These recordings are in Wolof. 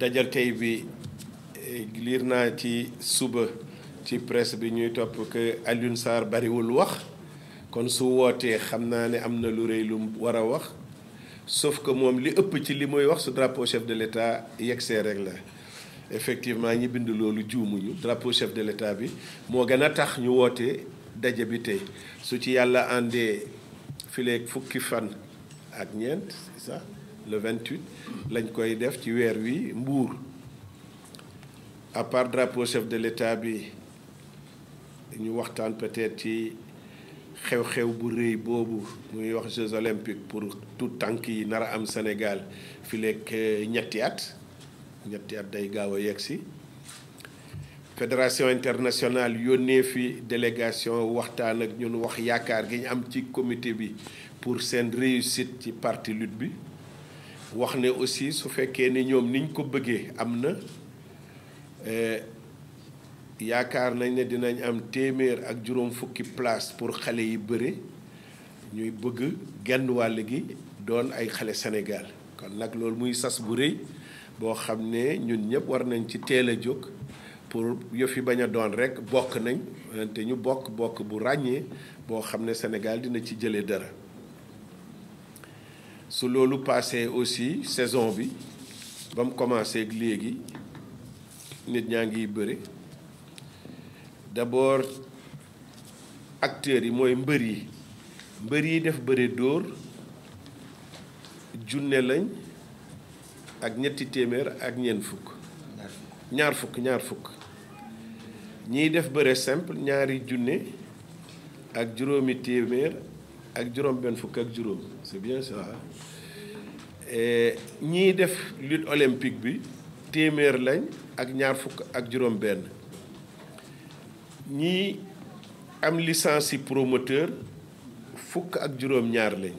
dajal tey bi eh, liir naa ci suba ci presse bi ñuy topp que Alioune Sarr bariwul wax kon su wootee xam naa ne am na lu rëy lu war a wax sauf ko moom li ëpp ci li muy wax su drapeau chef de l'État see rek la effectivement ñi bind loolu juumuñu drapeau chef de l'État bi moo gën a tax ñu woote daje bi tey su ci yàlla àndee fileeg fukki fan ak ñeent le 28 lañ koy def ci weer wi mbuur à part drapeau chef de l'état bi ñu waxtaan peut-être ci xew-xew bu rëy boobu muy wax Jeux olympiques pour tout tànk yi nar a am Sénégal fi lekk eh, ñetti at ñetti at day gaaw a yegg si fédération internationale yónnee fi délégation waxtaan ak ñun wax yaakaar gi ñu am ci comité bi pour seen réussite ci parti lutte bi wax ne aussi su fekkee ni ñoom niñ ko bëggee am na eh, yaakaar nañ ne dinañ am téeméer ak juróom fukki place pour xale yi bëre ñuy bëgg genn wàll gi doon ay xale Sénégal kon nag loolu muy sas bu rëy boo xam ne ñun ñëpp war nañ ci teel a jóg pour yëf fi bañ a doon rek bokk nañ te ñu bokk bokk bu ràññee boo xam ne Sénégal dina ci jëlee dara su loolu passé aussi saison bi bam mu commencé ak léegi nit ñaa ngi bëre d'abord acteurs yi mooy mbër yi mbër yi def bëre dóor junne lañ ak ñetti téeméer ak ñeent fukk ñaar fukk ñaar def bëre simple ñaari junne ak juróomi téeméer ak juróom-benn fukk ak juróom c'est bien ça ñii def lutte olympique bi téeméer lañ ak ñaar fukk ak juróom-benn ñii am licence yi promoteur fukk ak juróom-ñaar lañ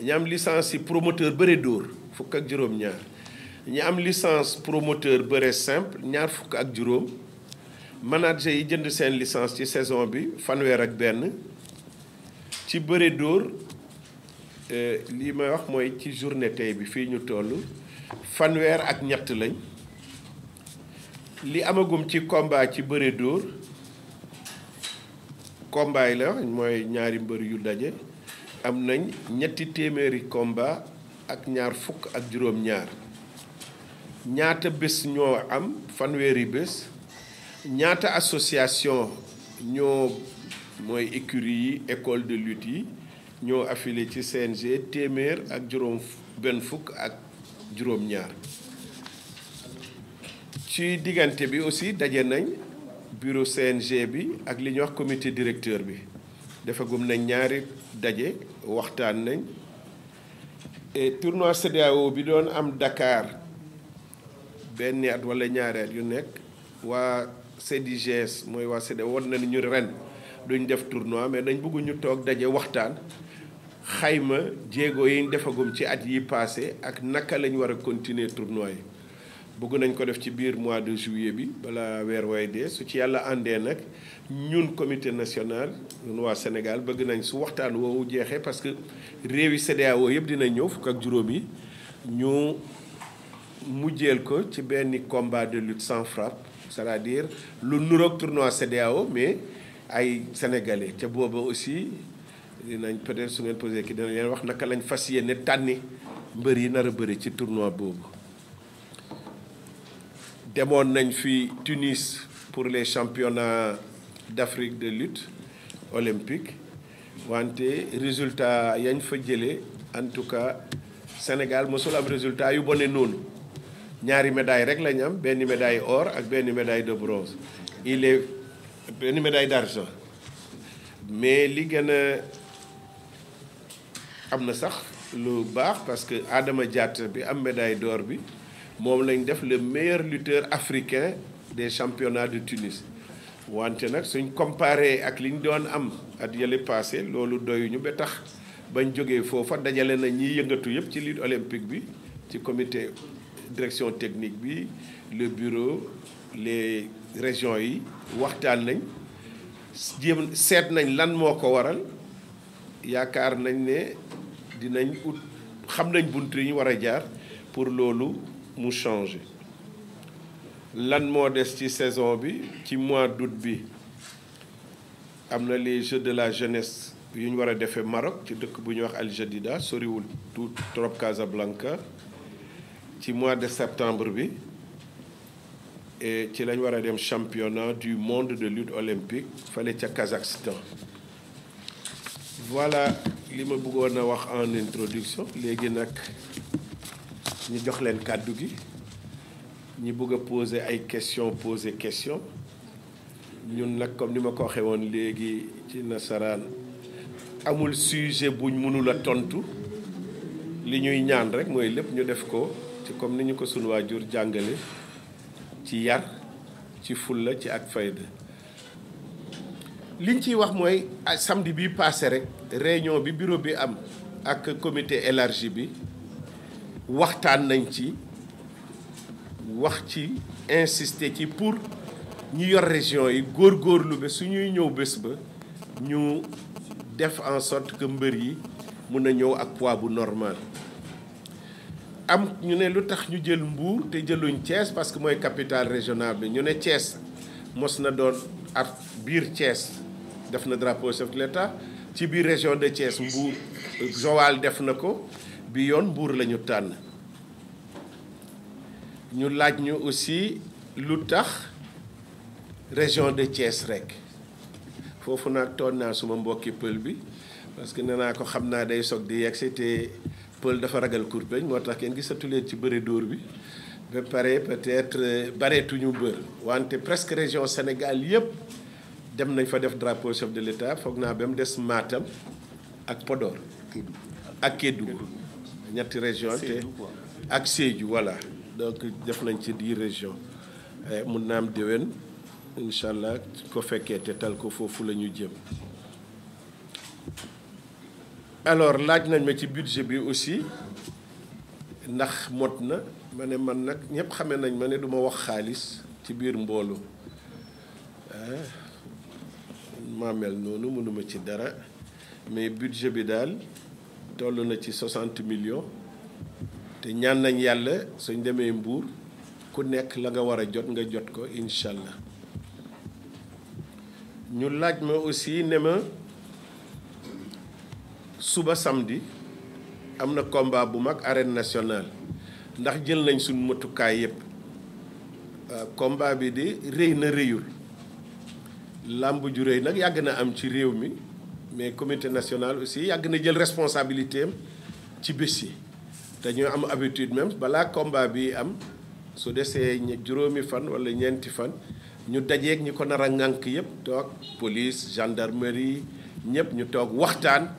ñi am licence yi promoteur bëre dóor fukk ak juróom-ñaar ñi am licence promoteur bëre simple ñaar fukk ak juróom manager yi jënd seen licence ci saison bi fanweer ak benn. ci bëre dóor euh, lii may wax mooy ci journée tey bi fii ñu toll fanweer ak ñett lañ li amagum ci komba ci bëre dóor combat la mooy ñaari mbër yu daje am nañ ñetti téeméeri combat ak ñaar fukk ak juróom-ñaar ñaata bés ñoo am fanweeri bés ñaata association ñoo. mooy écurie yi école de lutte yi ñoo affilié ci CNG téeméer ak juróom benn fukk ak juróom ñaar ci diggante bi aussi daje nañ bureau CNG bi ak li ñuy wax comité directeur bi defagum nañ ñaari daje waxtaan nañ et tournoi CEDEAO bi doon am Dakar benn at wala ñaareel yu nekk waa CDGS mooy waa CEDEAO woon na ni ñu ren duñ def tournoi mais dañ bëgg ñu toog daje waxtaan xayma jéego yiñ defagum ci at yi passé ak naka lañ war a continuer tournoi yi bëgg nañ ko def ci biir mois de juillet bi bala weer way dee su ci yàlla àndee nag ñun comité national ñun Sénégal bëgg nañ su waxtaan woowu jeexee parce que réewi CEDEAO yëpp dinañ ñëw fukk ak juróom yi ñu mujjeel ko ci benn combat de lutte sans frappe c'est-à-dire lu nuroog tournoi CEDEAO mais ay sénégalais ca booba aussi dinañ peut-être su ngeen posé ki dinañ leen wax naka lañ fas yéene tànni mbër yi nar a bëri ci tournoi boobu. demoon nañ fi Tunis pour les championnats d'Afrique de lutte olympique wante résultat yañ fa jëlee en tout cas Sénégal mosul am résultat yu bone noonu ñaari medaay rek lañ am benn médaille or ak benn médaille de bronze il benn médaille d'argent mais li gën a am na sax lu baax parce que Adama Diatta bi am médaille door bi moom lañ def le meilleur lutteur africain des championnats de Tunis wante nag suñ comparé ak liñ doon am at yële passé loolu yu ñu ba tax bañ jógee foofa dajale na ñiy yëngatu yëpp ci lutte olympique bi ci comité direction technique bi le bureau les région yi waxtaan nañ jéem seet nañ lan moo ko waral yaakaar nañ ne dinañ ut xam nañ bunt yi ñu war a jaar pour loolu mu changer lan moo des ci saison bi ci mois d'août bi am na les jeux de la jeunesse yu ñu war a defee Maroc ci dëkk bu ñuy wax Al Jadida soriwul tout trop Casablanca ci mois de septembre bi ci lañ war a dem championnat du monde de lutte olympique fale ca Kazakhstan voilà li ma bëggoon a wax en introduction léegi nag ñu jox leen kàddu gi ñi bëgg a poser ay question poser question ñun nag comme ni ma ko waxee woon léegi ci nasaraan amul sujet buñ mënul a tontu li ñuy ñaan rek mooy lépp ñu def ko ci comme ni ñu ko sunu waajur jàngale ci yar ci fulla ci ak fayda liñ ciy wax mooy ah, samedi bi passé rek bi bureau bi am ak comité élargi bi waxtaan nañ ci wax ci insister ci pour ñu yor région yi góorgóorlu ba suñuy ñëw bés ba ñu def en sorte que mbër yi mun a ñëw ak pois bu normal am ñu ne lu tax ñu jël mbuur te jëluñ Thiès parce que mooy capital régional bi ñu ne Thiès mos na doon at biir cees def na drapeau chef de ci biir région de Thiès Mbour Joal def na ko bi yoon buur la ñu tànn ñu laaj ñu aussi lu tax région de cees rek foofu nag toon naa suma mbokki pël bi parce que nee naa ko xam naa day soog di yegg Paul dafa ragal kurpeñ moo tax kenn gisatu leen ci bëri dóor bi ba pare peut-être euh, bareetuñu bër wante presque région Sénégal yëpp dem nañ fa def drapeau chef de l'État foog naa ba mu des maatam ak Podor ak Kédougou ñetti région te ak Sédhiou voilà donc def nañ ci dix région eh, mun naam déwén incha allah ko fekkee te tal ko foofu la ñu jëm alors laaj nañ ma ci budget bi aussi ndax mot na ma ne man nag ñëpp xamee nañ ma ne duma wax xaalis ci biir mboolu ah, maa mel noonu mënuma ci dara mais budget bi daal tollu na ci 60 million te ñaan nañ yàlla suñ demee mbuur ku nekk la nga war a jot nga jot ko incha ñu laaj ma aussi ne ma. suba samedi am na combat bu mag arène nationale ndax jël nañ suñu matukaay yépp euh, combat bi di rëy na rëyul làmb ju rëy nag yàgg na am ci réew mi mais comité national aussi yàgg na jël responsabilité ci bis yi dañoo am habitude même balaa combat bi am su desee juróomi fan wala ñeenti fan ñu dajeeg ñi ko nara a ŋànk yépp toog police gendarmerie ñépp ñu toog waxtaan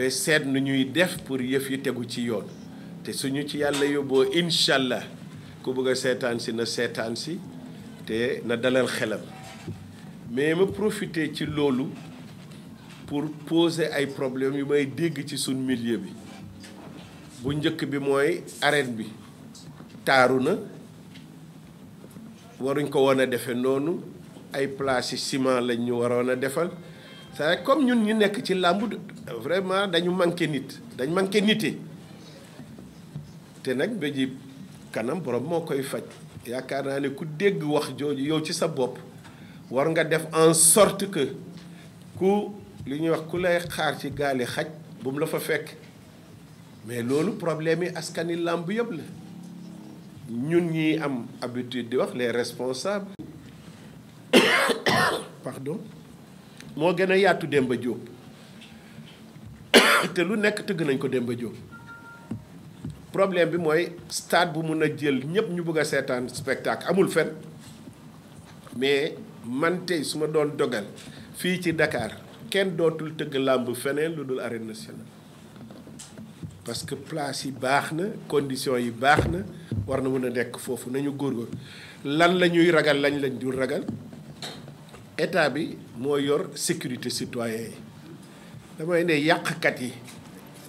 ba seet nu ñuy def pour yëf yi tegu ci yoon te suñu ci yàlla yóbboo incha allah ku bëgg a seetaan si na seetaan si te na dalal xelam mais ma profité ci loolu pour poser ay problèmes yu may dégg ci suñ millier bi bu njëkk bi mooy arène bi taaru na waruñ ko woon a defee noonu ay places yi ciment lañ ñu waroon a defal c'est comme ñun ñu nekk ci làmb vraiment dañu manqué nit dañ manqué nite te nag ba ji kanam borom moo koy faj yaakaar naa ne ku dégg wax jooju yow ci sa bopp war nga def en sorte que ku li ñuy wax ku lay xaar ci gaali xaj bu mu la fa fekk mais loolu problème yi askani làmb yëpp la ñun ñi am habitude di wax les responsables pardon moo gën a yaatu Demba Diop te lu nekk tëgg nañ ko Demba Diop problème bi mooy stade bu mun a jël ñëpp ñu bëgg a seetaan spectacle amul fen mais man tey su ma doon dogal fii ci Dakar kenn dootul tëgg làmb feneen lu dul arène nationale parce que place yi baax na conditions yi baax na war na mën a nekk foofu nañu góor lan la ñuy ragal lañ lañ dul ragal état bi moo yor sécurité citoyen yi damay ne yàqkat yi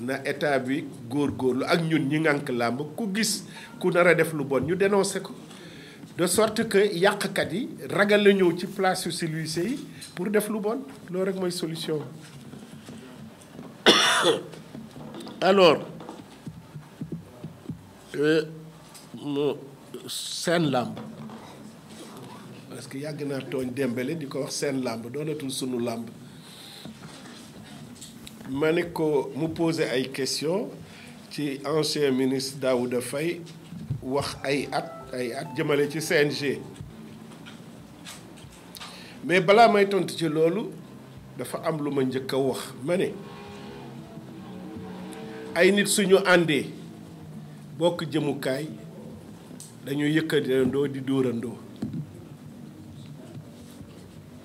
na état bi góor góorlu ak ñun ñi ngànk làmb ku gis ku nar a def lu bon ñu dénoncé ko de sorte que yàqkat yi ragal la ñëw ci place yu silvissé yi pour def lu bon loolu rek mooy solution alors euh, seen làmb parce que yàgg naa tooñ Dembélé di ko wax seen làmb doonatul sunu làmb ma ne ko mu posé ay question ci ancien ministre Daouda Faye wax ay at ay at jëmale ci CNG mais balaa may tontu ci loolu dafa am lu ma njëkk a wax ma ne ay nit suñu àndee bokk jëmukaay dañuy yëkkatandoo di dóorandoo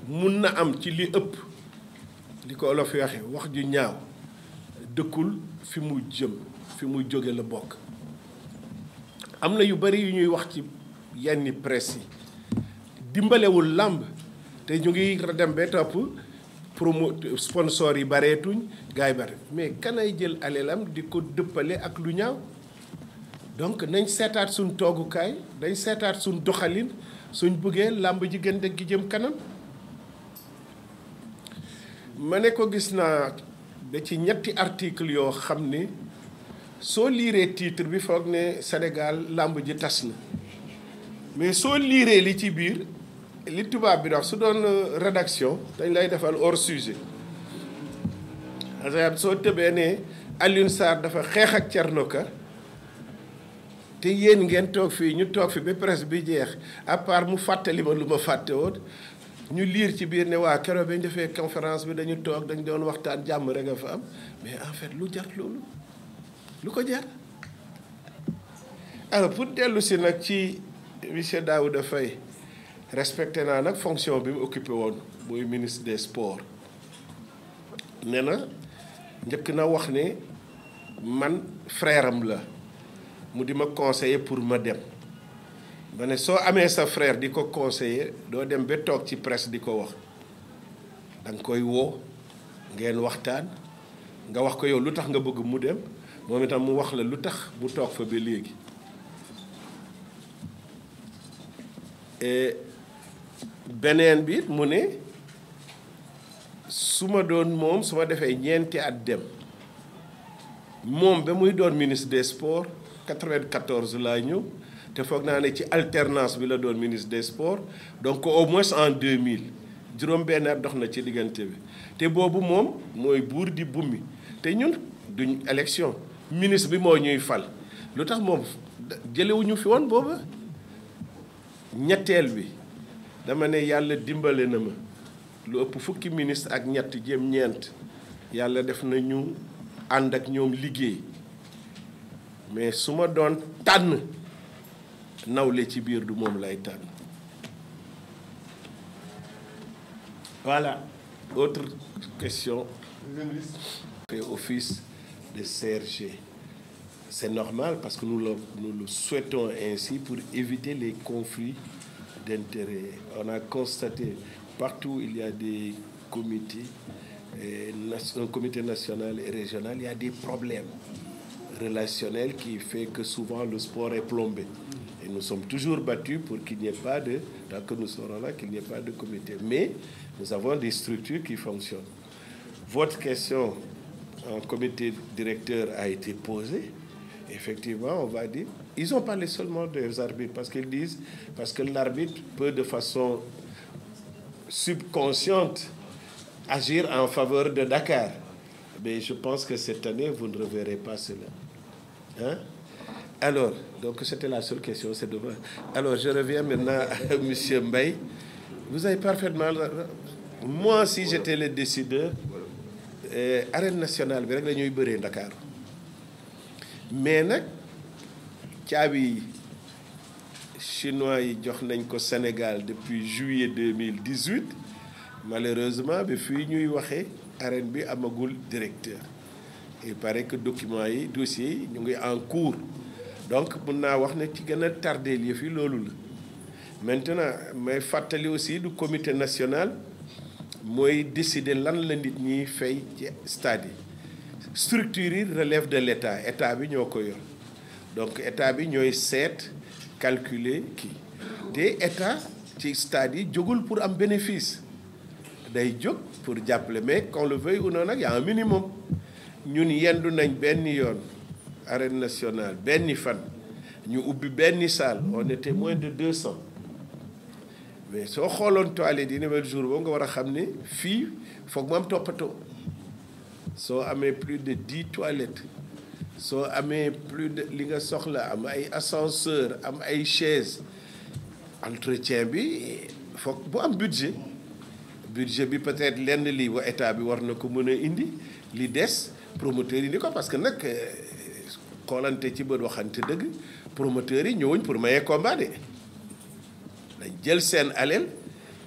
mun na am ci li ëpp li ko olof yi waxee wax ju ñaaw dëkkul fi mu jëm fi mu jóge la bokk am na yu bari yu ñuy wax ci yenn presse yi dimbalewul làmb te ñu ngi dem ba topp promo sponsor yi bareetuñ gars yi bare mais kanay jël alelam di ko dëppale ak lu ñaaw donc nañ seetaat suñ toogukaay dañ seetaat suñ doxalin suñ buggee làmb ji gën gi jëm kanam ma ne ko gis naa da ci ñetti article yoo xam ni soo liiree tiitre bi foog ne Sénégal làmb ji tas na mais soo liiree li ci biir li tubaab bi wax su doon euh, rédaction dañ lay defal hors sujet soo tëbee ne Alioune Sarr dafa xeex ak cernoka te yéen ngeen toog fii ñu toog fi ba presse bi jeex à part mu fàttali ma lu ma fàtte woon ñu liir ci biir ne waa keroog bi ñu defee conférence bi dañu toog dañ doon waxtaan jàmm rek a fa am mais en fait lu jar loolu lu ko jar. alors pour dellu nag ci monsieur Daouda Faye respecté naa nag fonction bi mu occupé woon muy ministre des sports nee na njëkk na wax ni man frère la mu di ma conseiller pour ma dem. ma soo amee sa frère di ko conseiller doo dem ba toog ci presque di ko wax da nga koy woo ngeen waxtaan nga wax ko yow lu tax nga bëgg mu dem moom itam mu wax la lu tax mu toog fa ba léegi beneen bi mu ne su ma doon moom su ma defee ñeenti at dem moom ba muy doon ministre des sports 94 laa ñëw te foog naa ne ci alternance bi la doon ministre des sports donc au moins en 2000 juróom-benn dox na ci diggante bi te boobu moom mooy buur di bummi te ñun duñ élection ministre bi moo ñuy fal lu tax moom jëlewuñu fi woon booba ñetteel bi dama ne yàlla dimbale na ma lu ëpp fukki ministre ak ñett jëm ñeent yàlla def na ñu ànd ak ñoom liggéey mais su ma doon tànn nawle ci biir du moom lay tànn voilà autre question fait office de CRG c'est normal parce que nous le, nous le souhaitons ainsi pour éviter les conflits d'intérêts on a constaté partout il y a des comités et eh, un comité national et régional il y a des problèmes relationnels qui fait que souvent le sport est plombé Et nous sommes toujours battus pour qu'il n'y ait pas de, tant que nous serons là, qu'il n'y ait pas de comité. Mais nous avons des structures qui fonctionnent. Votre question en comité directeur a été posée. Effectivement, on va dire, ils ont parlé seulement des arbitres parce qu'ils disent, parce que l'arbitre peut de façon subconsciente agir en faveur de Dakar. Mais je pense que cette année, vous ne reverrez pas cela. Hein? Alors, donc c'était la seule question, c'est demain. Alors, je reviens maintenant à Monsieur Mbaye. Vous avez parfaitement... Moi, si j'étais le décideur, euh, arène nationale bi rek la ñuy bëree mais nag caabi chinois yi jox nañ ko Sénégal depuis juillet 2018 malheureusement bi fii ñuy waxee arène bi amagul directeur il paraît que documents yi dossiers yi ñu ngi en cours donc mun naa wax ne ci gën a tardé yëf yi loolu la maintenant may fàttali aussi du comité national mooy décider lan la nit ñuy fay ci stade yi structure yi relève de létat état bi ñoo ko yor donc état bi ñooy seet calculer kii te état ci stade yi jógul pour am bénéfice day jóg pour jàppale mais qu'on le veuille ou nag y a un minimum ñun yendu nañ benn yoon arène nationale benn fan ñu ubbi benn salle on était moins de 200 mais soo xooloon toilette yi nawet jour boobu nga war a xam ne fii foog mu am toppatoo soo amee plus de 10 toilettes soo amee plus de li nga soxla am ay ascenseur am ay chaise entretien bi foog bu am budget budget bi peut-être lenn lii état bi war na ko mën a indi li des promoteur yi ni ko parce que nag xoolante ci bët waxante dëgg promoteurs yi ñëwuñ pour maye combat de dañ jël seen alal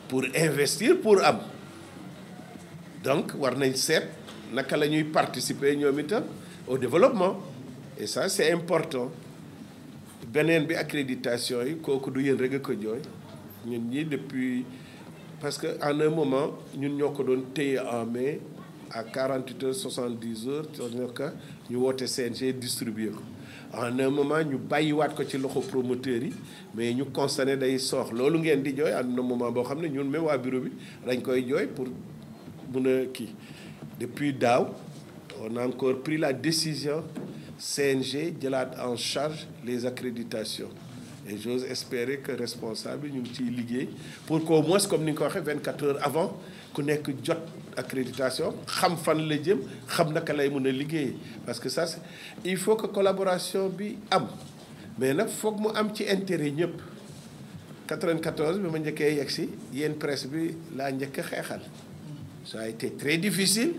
pour investir pour am donc war nañ seet naka la ñuy participer ñoom itam au développement et ça c'est important beneen bi accréditation yi kooku du yéen rek a ko jooy ñun ñi depuis parce que en un moment ñun ñoo ko doon téye en mais à 48 heures 70 heures soññoo ko ñu woote CNG distribué ko en un ñu bàyyi waat ko ci loxo promoteurs yi mais ñu constaté day soox loolu ngeen di jooy am na moment boo xam ne ñun même waa bureau bi dañ koy jooy pour mun a kii depuis daaw on a encore pris la décision CNG jëlaat en charge les accréditations et j'ose espérer que responsable ñu ngi ciy liggéey pour qu'au moins comme ni ñu ko waxee 24 heures avant ku nekk jot accréditation xam fan la jëm xam naka lay mën a liggéeyee parce que ça c'est il faut que collaboration bi am mais nag foog mu am ci intérêt ñëpp 94 bi ma njëkkee yegg si yéen presse bi laa njëkk xeexal ça a été très difficile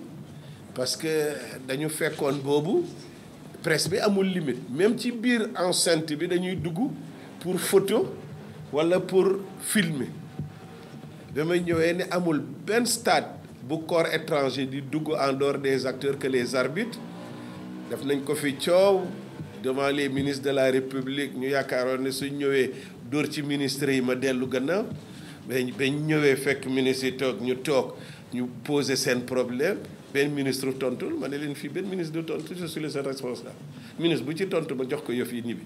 parce que dañu fekkoon boobu presse bi amul limite même ci biir enceinte bi dañuy dugg pour photo walla pour filmer damay ñëwee ni amul benn stade bu corps étranger di dugg en dehors des acteurs que les arbitres def nañ ko fi coow devant les ministres de la république ñu yaakaaroon ne suñ ñëwee dóor ci ministre yi ma dellu gannaaw bañ bañ ñëwee fekk ministre yi toog ñu toog ñu poser seen problème benn ministre tontu ma ne leen fii benn ministre du tontu je suis le seul responsable ministre bu ci tontu ma jox ko yëf yi ñibbi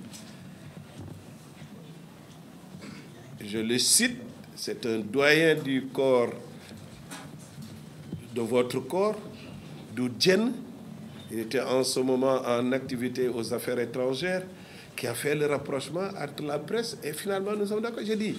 je le cite c'est un doyen du corps, de votre corps, du Djen. Il était en ce moment en activité aux affaires étrangères, qui a fait le rapprochement entre la presse et finalement nous sommes d'accord. J'ai dit,